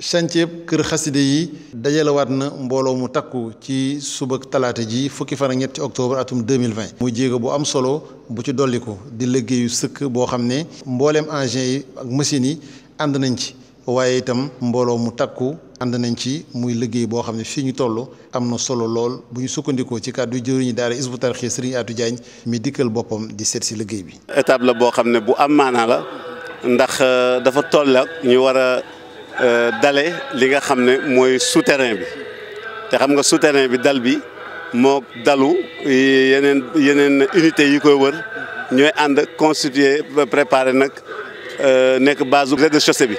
chantier kër xaside yi dajalewaat na mbooloo mu takku ci suba talaata ji fukki fan ñetti octobre atum 2020 muy jéego bu am solo bu ci dolliku di liggéeyu sëkk boo xam ne mbooleem engins yi ak machines yi ànd nañ ci waaye itam mbooloo mu takku ànd nañ ci muy liggéey boo xam ne fii ñu toll am na solo lool bu ñu sukkandikoo ci kàddu jëriñu daara Hizbut Tarqiyyah Serigne Atou Diagne mi dikkal boppam di seet si liggéey bi étape la boo xam ne bu am maanaa la ndax euh, dafa Euh, dale li nga xam ne mooy souterrain bi te xam nga souterrain bi dal bi moo dalu euh, yeneen yeneen unité yi koy wër ñooy ànd constituer préparer nag euh, nekk base rez-de-chaussée bi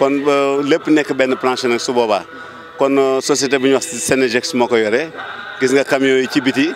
kon lépp nekk benn plancher nag su boobaa kon société bu ñuy wax Sénégex moo ko yore gis nga camions yi ci biti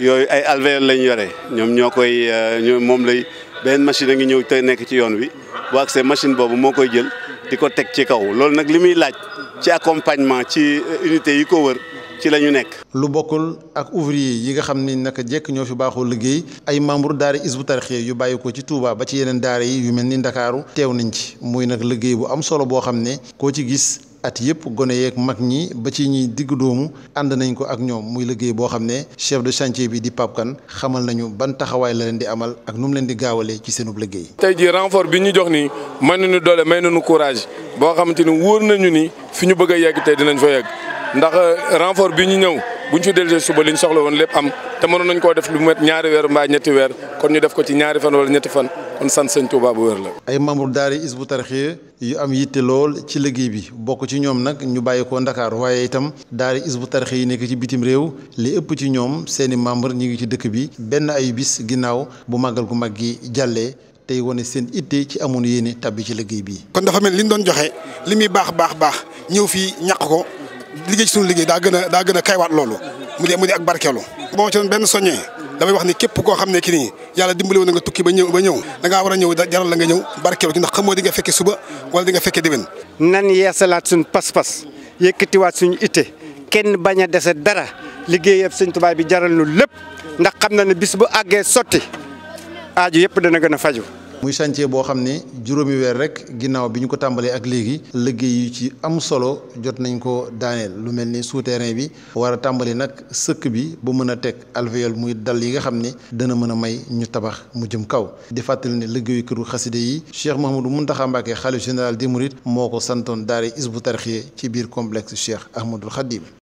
yooyu ay alvéoles lañ yore ñoom ñoo koy ñoom moom lay benn machine a ngi ñëw te nekk ci yoon wi bu agsee machine boobu moo koy jël di ko teg ci kaw loolu nag li muy laaj ci accompagnement ci euh, unité yi ko wër ci la ñu nekk. lu bokkul ak ouvrier yi nga xam ni naka jekk ñoo fi baaxoo liggéey ay membre daara Hizbut Tarqiyyah yu bàyyi ko ci Touba ba ci yeneen daara yi yu mel ni Ndakaaru teew nañ ci muy nag liggéey bu am solo boo xam ne koo ci gis. at yëpp gone yeeg mag ñi ba ci ñi diggu doomu ànd nañ ko ak ñoom muy liggéey boo xam ne chef de chantier bi di Pape Kane xamal nañu ban taxawaay la leen di amal ak nu mu leen di gaawalee ci seenub liggéey. tey jii renfort bi ñu jox nii may nañu doole may nañu courage boo xamante ni wóor nañu ni fi ñu bëgg a yegg tey dinañ fa yegg ndax euh, renfort bi ñu ñëw buñ fi dellusee suba ñu soxla woon lépp am te mënoon nañ koo def lu met ñaari weer mbaa ñetti weer kon ñu def ko ci ñaari fan wala ñetti fan. kon sant sëñ Touba bu wér la. ay membre daara Hizbut Tarqiyyah yu am yitte lool ci liggéey bi bokk ci ñoom nag ñu bàyyi ko Ndakaar waaye itam daari is bu Tarqiyyah yi nekk ci bitim réew li ëpp ci ñoom seeni membre ñu ngi ci dëkk bi benn ay bis ginnaaw bu màggal gu mag gi jàllee tey wane seen itte ci amoon yéene tàbbi ci liggéey bi. kon dafa mel li ñu doon joxe li muy baax baax baax ñëw fii ñàq ko liggéey ci suñu liggéey daa gën a daa gën a kaywaat loolu mu dee mu dee ak barkeelu. boo ci doon damay wax ni képp koo xam ne ki nii yàlla dimbali na nga tukki ba ñëw ba ñëw da ngaa war a ñëw jaral la nga ñëw barkeelu ci ndax xamoo di nga fekke suba wala di nga fekke déwén nan yeesalaat suñ pas-pas yëkkatiwaat suñu ite kenn bañ a dese dara liggéey yëpp sëñ Tuubaa bi jaral nu lépp ndax xam na ne bis ba àggee sotti aaju yëpp dana gën a faju muy chantier boo xam ne juróomi weer rek ginnaaw bi ñu ko tàmbalee ak léegi liggéey ci am solo jot nañu ko daaneel lu mel ni souterrain bi war tàmbali nag sëkk bi ba mën a teg alvéole muy dal yi nga xam ne dana mën a may ñu tabax mu jëm kaw di fàttali ne liggéeyu këru xaside yi Cheikh Mouhamadou Mountakha Mbacké xalif général des mourides moo ko santoon daara Hizbut Tarqiyyah ci biir complexe Cheikh Ahmadoul Khadim